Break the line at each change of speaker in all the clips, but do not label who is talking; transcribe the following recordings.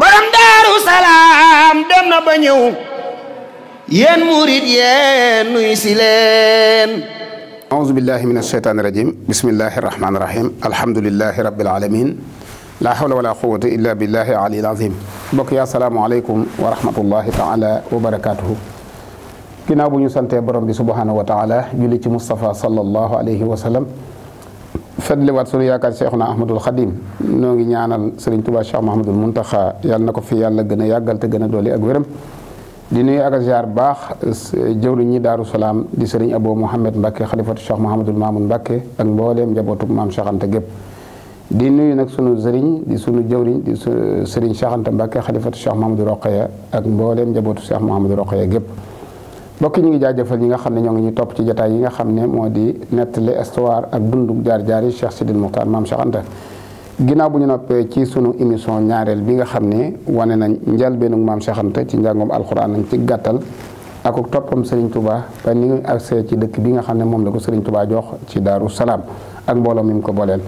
borom daaru salaam dem na ba ñëw
yéen murit
yéen nuy si leen aouzu billahi min asheytaani rajim bismillahi arrahmaani irrahim alhamdulilahi alamin laa hawla wala quwata illa billahi alil azim mbokk yi asalaamualeykum wa rahmatullahi taala wa barakatuhu ginnaaw bu ñu santee borom bi subhanahu wa taala julli ci moustapha sallallahu alayhi wa sallam fadliwaat sunu yaakaar Cheikhuna Ahmadul Xadim noo ngi ñaanal sëriñ Tuubaa Cheikh Mahamadul Muntaxa yàlla na ko fi yàlla gën a yàggal te gën a doole ak wéram di nuyu ak ziar baax jëwriñ ñi Daaru Salaam di sëriñ Abo Mouhamed Mbacke xalifatu Cheikh Mahamadul Mamoun Mbacke ak mbooleem njabootu maam Cheikh Anta gépp di nuyu nag sunu sëriñ di sunu jëwriñ di sëriñ Cheikh Anta Mbacke xalifatu Cheikh Mahamadou Roqaya ak mbooleem njabootu Cheikh Mahamadou Roqaya gépp mbokk ñu ngi jaajëfal ñi nga xam ne ñoo ngi ñu topp ci jataay yi nga xam ne moo di nettali histoire ak dundu jaar-jaar yi Cheikh Sidil Mokhtar Maam Cheikh Anta ginnaaw bu ñu noppee ci sunu émission ñaareel bi nga xam ne wane nañ njëlbéenu Maam Cheikh Anta ci njàngoom alxuraan nañ ci gàttal ak ak toppam Serigne Touba ba ni ngi agsee ci dëkk bi nga xam ne moom la ko Serigne Touba jox ci Daaru Salaam ak mbooloo mi ko booleel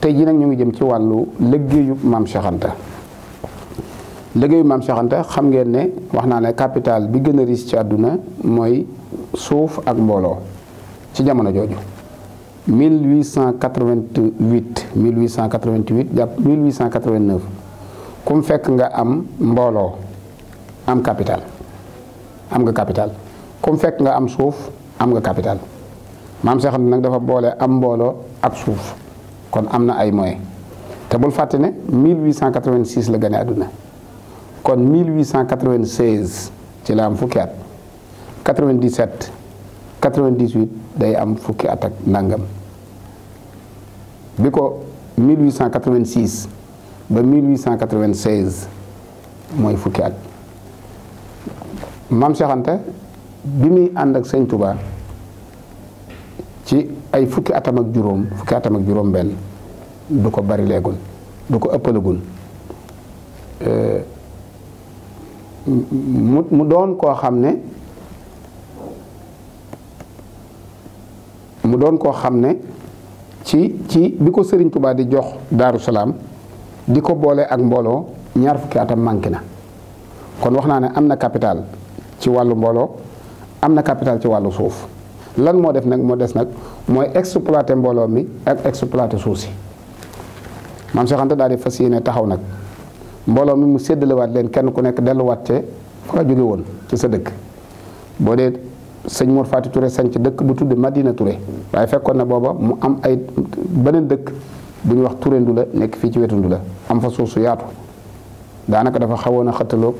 tey jii nag ñu ngi jëm ci wàllu liggéeyu Maam Cheikh liggéeyu maam Cheikh xam ngeen ne wax naa ne capital bi gën a riche ci àdduna mooy suuf ak mbooloo ci jamono jooju 1888 1888 jàpp 1889 ku mu fekk nga am mbooloo am capital am nga capital ku fekk nga am suuf am nga capital maam Cheikh Anta nag dafa boole am mbooloo ak suuf kon am na ay moyens te bul fàtte ne 1886 la gane àdduna kon 1896 ci la am fukki at 97 98 day am fukki at ak nangam bi ko 1886 ba 1896 mooy fukki at Maam Cheikh bi muy ànd ak Sëñ Touba ci ay fukki atam ak juróom fukki atam ak juróom benn du ko bari leegul du ko ëppalagul euh, mu mu doon koo xam ne mu doon koo xam ne ci ci bi ko Serigne Touba di jox Daaru Salaam di ko boole ak mbooloo ñaar fukki atam manqué na kon wax naa ne am na capital ci wàllu mbooloo am na capital ci wàllu suuf lan moo def nag moo des nag mooy exploiter mbooloo mi ak exploiter suuf si maam Cheikh Anta daal di fas yéene taxaw nag. mbooloo mi mu séddalewaat leen kenn ku nekk delluwaat ca fa nga jóge woon ci sa dëkk boo dee sëñ Mor Faati Touré sanc dëkk bu tudd Madina ture waaye fekkoon na booba mu am ay beneen dëkk bu ñuy wax Touré Ndula nekk fii ci wetu Ndula am fa suuf su yaatu daanaka dafa xawoon a xëttaloo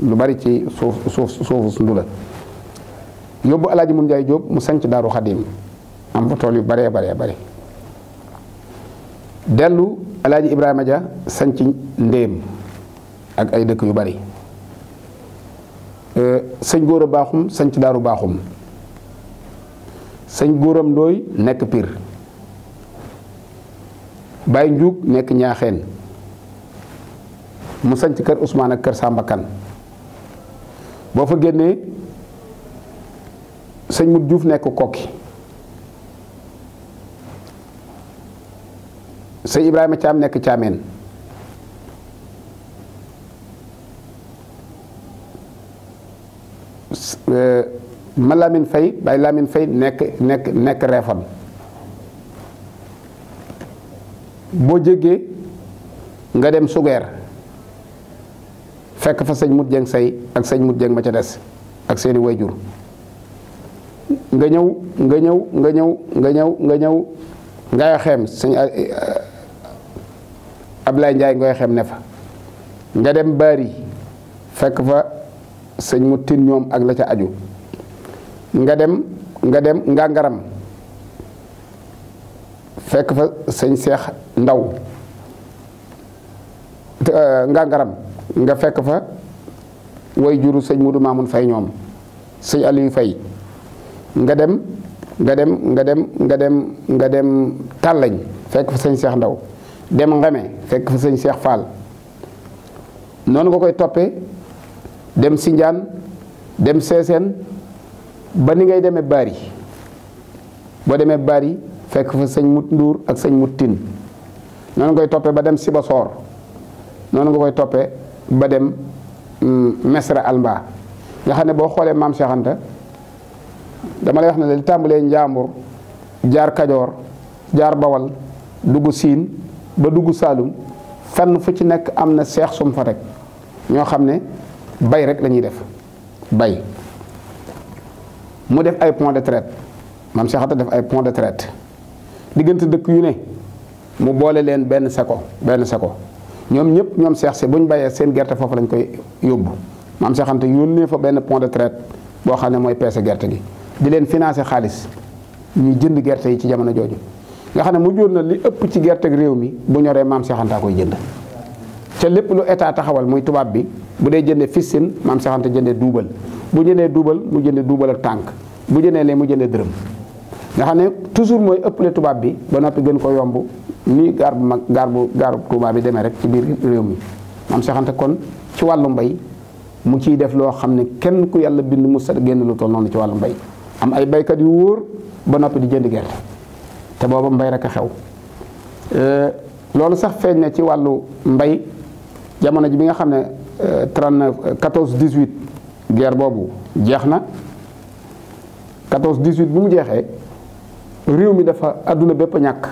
lu bari ci suuf suuf suufu Ndula yóbbu Alaaji Mun Njaay Jóob mu sanc Daaru Xadim am fa tool yu baree baree bari dellu alaaji ibrahima ja sanc ndéem ak ay dëkk yu bari euh, sëñ góor a baaxum sanc daaru baaxum sëñ góoram ndooy nekk piir bàyyi njuug nekk ñaaxeen mu sanc kër Ousmane ak kër Samba Kan boo fa génnee sëñ mut Diouf nekk kokki sëñ Ibrahima caam nekk Thiamène euh, ma Lamine Faye Baye Lamine Faye nekk nekk nekk boo jéggee nga dem Sugeer fekk fa sëñ Mut Jeng say ak sëñ Mut Jeng ma ca des ak seeni wayjur nga ñëw nga ñëw nga ñëw nga ñëw nga ñëw nga yoxeem sëñ euh, Ablaye Ndiaye ngoy xem ne fa nga dem baari fekk fa sëñ mu tin ñoom ak la ca aju nga dem nga dem nga ngaram fekk fa sëñ seex ndaw euh, nga ngaram nga fekk fa way juru sëñ Mudu Maamun Fay ñoom sëñ Aliou Fay nga dem nga dem nga dem nga dem nga dem tàllañ fekk fa sëñ seex ndaw dem Ngeme fekk fa sëñ seex Fall noonu nga koy toppee dem Sinjaan dem Seeseen ba ni ngay demee Bari boo demee baari fekk fa sëñ Mut Nduur ak sëñ Mut Tin noonu nga koy toppee ba dem Sibasoor noonu nga koy toppee ba dem mm, Mesra Alba nga xam ne boo xoolee maam Cheikh dama lay wax ne li tàmbalee Njaambur jaar Kajoor jaar Bawal dugg Siin. ba dugg Saalum fenn fu ci nekk am na seex sum fa rek ñoo xam ne bay rek lañuy def bay mu def ay point de traite maam Seex Anta def ay point de traite diggante dëkk yu ne mu boole leen benn seko benn seko ñoom ñëpp ñoom seex si bu ñu bayee seen gerte foofu lañ koy yóbbu maam Seex Anta yónnee fa benn point de traite boo xam ne mooy peese gerte gi di leen financé xaalis ñu jënd gerte yi ci jamono jooju. nga xam ne mu jur na li ëpp ci gerte réew mi bu ñoree maam Cheikh Anta koy jënd ca lépp lu état taxawal muy tubaab bi bu dee jëndee fissin maam Cheikh Anta jëndee duubal bu jëndee duubal mu jëndee duubal ak tànk bu jëndee lee mu jëndee dërëm nga xam ne toujours mooy ëpp ëppale tubaab bi ba noppi gën ko yomb nii gaar bu mag gaar bu gaaru tubaab bi demee rek ci biir réew mi maam Cheikh kon ci wàllu mbay mu ciy def loo xam ne kenn ku yàlla bind mu set génn lu toll noonu ci wàllu mbay am ay baykat yu wóor ba noppi di jënd te booba mbay rek a xew euh, loolu sax feeñ na ci wàllu mbay jamono ji bi nga xam ne 39 14 18 guerre boobu jeex na 14 18 bu mu jeexee réew mi dafa àdduna bépp ñàkk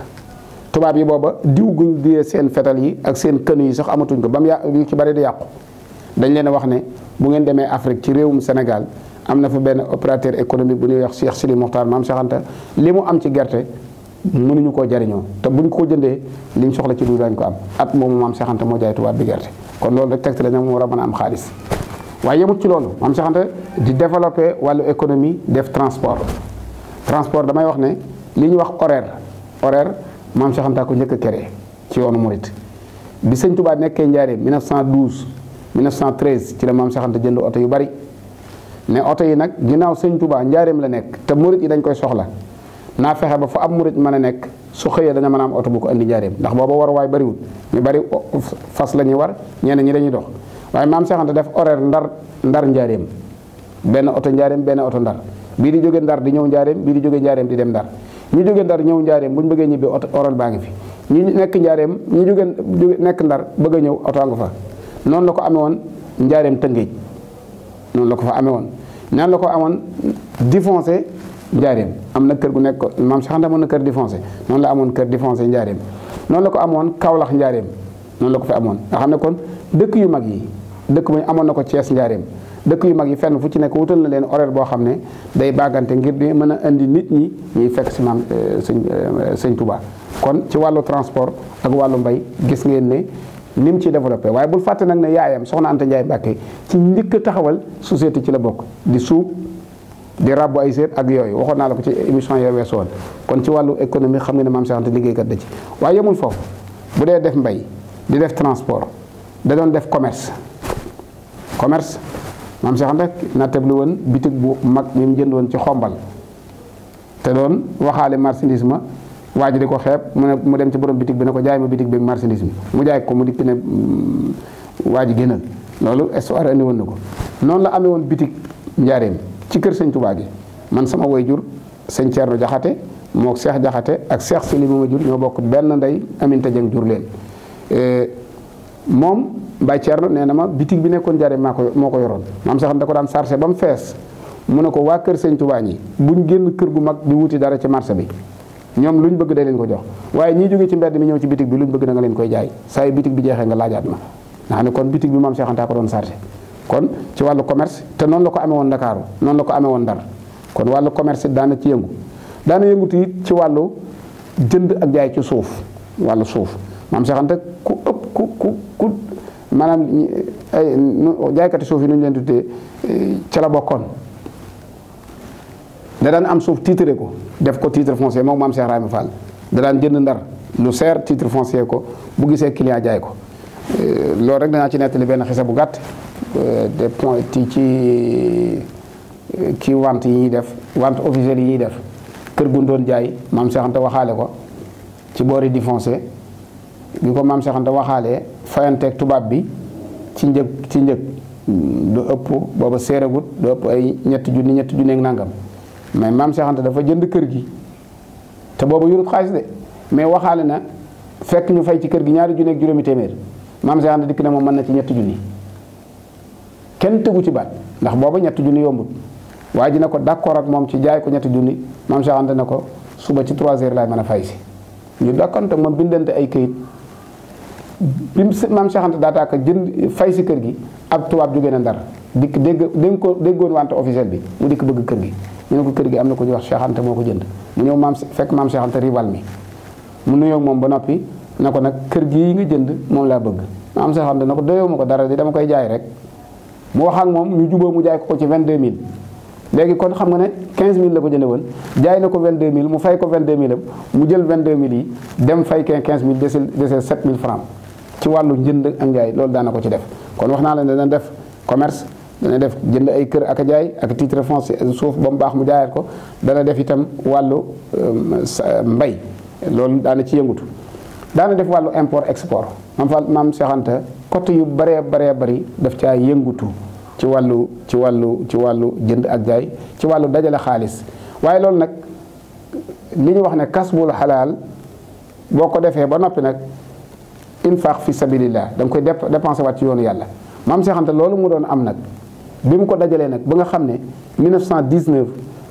tubaab yi booba diw guñ diyee seen fetal yi ak seen kën yi sax amatuñ ko ba mu yà yu ci bari di yàqu dañ leen a wax ne bu ngeen demee Afrique ci réewum senegal am na fa benn opérateur économique bu ñuy wax Cheikh Sidi Mokhtar Maam Cheikh Anta li mu am ci gerte mënuñu koo jariñoo te bu ñu ko jëndee liñ soxla ci du dañ ko am at moom maam Cheikh moo jaay tubaab bi gerte kon loolu rek tegte la nag moo war a mën am xaalis waaye yemut ci loolu maam Cheikh Anta di développé wàllu économie def transport transport damay wax ne li ñuy wax horaire horaire maam Cheikh ko njëkk a ci yoonu Mouride bi sëñ Touba nekkee Njaaréem 1912 1913 ci la maam Cheikh Anta jënd oto yu bari ne oto yi nag ginnaaw sëñ Touba Njaaréem la nekk te Mouride yi dañ koy soxla. naa fexe ba fu am murit mën nekk su xëyee dana mën a am oto bu ko andi njaareem ndax booba war waay bariwul ñu bari fas la ñuy war ñenn ñi dañuy dox waaye maam Seex Anta def horaire ndar ndar njaareem benn oto njaareem benn oto ndar bii di jóge ndar di ñëw njaareem bii di jóge njaareem di dem ndar ñu jóge ndar ñëw njaareem bu ñu bëggee ñibbi oto horaire baa ngi fi ñu nekk njaareem ñu jóge nekk ndar bëgg a ñëw oto nga fa noonu la ko amee woon njaareem tëngéej noonu la ko fa amee woon njaareem am na kër gu nekk maam Cheikh Anta amoon na kër di foncé noonu la amoon kër di foncé njaareem noonu la ko amoon Kaolack njaareem noonu la ko fi amoon nga xam ne kon dëkk yu mag yi dëkk bu amoon na ko Thiès njaareem dëkk yu mag yi fenn fu ci nekk wutal na leen horaire boo xam ne day baggante ngir di mën a indi nit ñi ñuy fekk si maam euh, sëñ euh, sëñ Touba kon ci wàllu transport ak wàllu mbay gis ngeen ne ni mu ciy développé waaye bul fàtte nag ne yaayam soxna Anta Ndiaye Mbacke ci njëkk taxawal société ci la bokk di rabbu ay seet ak yooyu waxoon naa la ko ci émission yooyu weesu woon kon ci wàllu économie xam nga ne maam Cheikh Anta liggéeykat da ci waaye yemul foofu bu dee def mbay di def transport da doon def commerce commerce maam Cheikh Anta nattabli woon bitik bu mag mi mu jënd woon ci xombal te doon waxaale marchandise ma waa ji di ko xeeb mu ne mu dem ci borom bitik bi ne ko jaay ma bitig bi marchandise mu jaay ko mu dikk ne mm, waa ji génnal loolu histoire andi woon na ko noonu la amee woon bitig njaareem ci kër sëñ tubaa gi man sama jur sëñ Thierno Jaxate moo Seex Jaxate ak Seex Sëli ma jur ñoo bokk benn ndey Aminta Jeng jur leen e, moom Baye Thierno nee na ma bitig bi nekkoon jare maa moo ko yoroon maam sax da ko daan sarse ba mu fees mu ne ko waa kër sëñ Touba ñi buñ génn kër gu mag di wuti dara ci marché bi ñoom luñ bëgg da leen ko jox waaye ñii jóge ci mbedd mi ñëw ci bitig bi luñ bëgg da leen koy jaay saa yu bitig bi jeexee nga laajaat ma nga ne kon bitig bi maam Seex Anta ko doon sarse kon ci wàllu commerce te noonu la ko amee woon Ndakaaru noonu la ko amee woon Ndar kon wàllu commerce daana ci yëngu daana yëngutu it ci wàllu jënd ak jaay ci suuf wàllu suuf maam Seex Anta ku ëpp ku ku ku maanaam ay jaaykati suuf yi nu leen tuddee eh, ca la bokkoon da am suuf titre ko def ko titre foncier moom maam Seex Rahima Fall da daan jënd Ndar lu seer titre foncier ko bu gisee client jaay ko eh, loolu rek danaa ci nettali benn xisa bu gàtt Euh, des points ci ci want yi ñuy def want officielle yi ñuy def kër gu doon jaay maam Cheikh waxaale ko ci boori di foncé bi ko maam Cheikh waxaale waxaalee tubaab bi ci njëg ci njëg du ëpp booba seeragut du ëpp ay ñetti junni ñetti junneeg nangam mais maam seexante dafa jënd kër gi te booba yurut xaalis de mais waxaale na fekk ñu fay ci kër gi ñaari junneeg juróomi téeméer maam Cheikh Anta dikk na moom mën na ci ñetti junni. kenn tegu ci baat ndax booba ñetti junni yombut waa ji na ko d'accord ak moom ci jaay ko ñetti junni maam Cheikh Anta na ko suba ci 3 heures laay mën a fay si ñu dakkonte moom bindante ay këyit bi maam Cheikh Anta daataaka jënd fay si kër gi ab tubaab jóge na ndar dikk dégg dégg ko déggoon wante officiel bi mu dikk bëgg kër gi ñu kër gi am na ko ñuy wax Cheikh moo ko jënd mu ñëw maam fekk maam Cheikh Anta rival mi mu nuyoo moom ba noppi na ko nag kër gi yi nga jënd moom laa bëgg maam Cheikh Anta na ko doyoo ma ko dara di dama koy jaay rek mu wax ak moom ñu jubóo mu jaay ko ko ci 22000 léegi kon xam nga ne 15000 la ko jënde woon jaay na ko vingt mille mu fay ko 22000 am mu jël 22000 yi dem fay 15000 desel desel 7000 francs ci wàllu njënd ak njaay loolu daan ko ci def kon wax naa la dana def commerce dana def jënd ay kër ak a jaay ak titre foncier suuf ba mu baax mu jaayaat ko dana def itam wàllu euh, mbay loolu daana ci yëngutu daana def wàllu import export maam fa maam côté yu baree baree bari daf caa yëngutu ci wàllu ci wàllu ci wàllu jënd ak jaay ci wàllu dajale xaalis waaye loolu nag li ñu wax ne kasbul xalaal boo ko defee ba noppi nag infaq fi sabilillah da nga koy dépensé waat ci yoonu yàlla maam Seex Anta loolu mu doon am nag bi mu ko dajalee nag ba nga xam ne 1919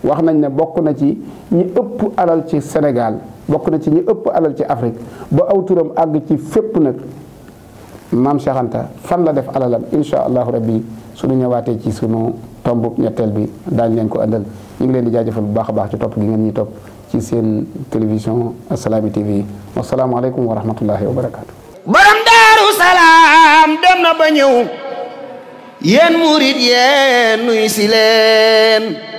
wax nañ ne bokk na ci ñi ëpp alal ci senegal bokk na ci ñi ëpp alal ci Afrique ba aw turam àgg ci fépp nag maam Cheikh fan la def alalam incha allahu rabbi suñu ñëwaatee ci sunu tomb ñetteel bi daañu leen ko àndal ñu ngi leen di jaajëfal bu baax baax ci topp gi ngeen ñuy topp ci seen télévision Assalaamy TV wasalaamualeykum wa rahmatullahi wa barakaatu. borom daaru salaam dem na ba ñëw yéen murit yéen si leen.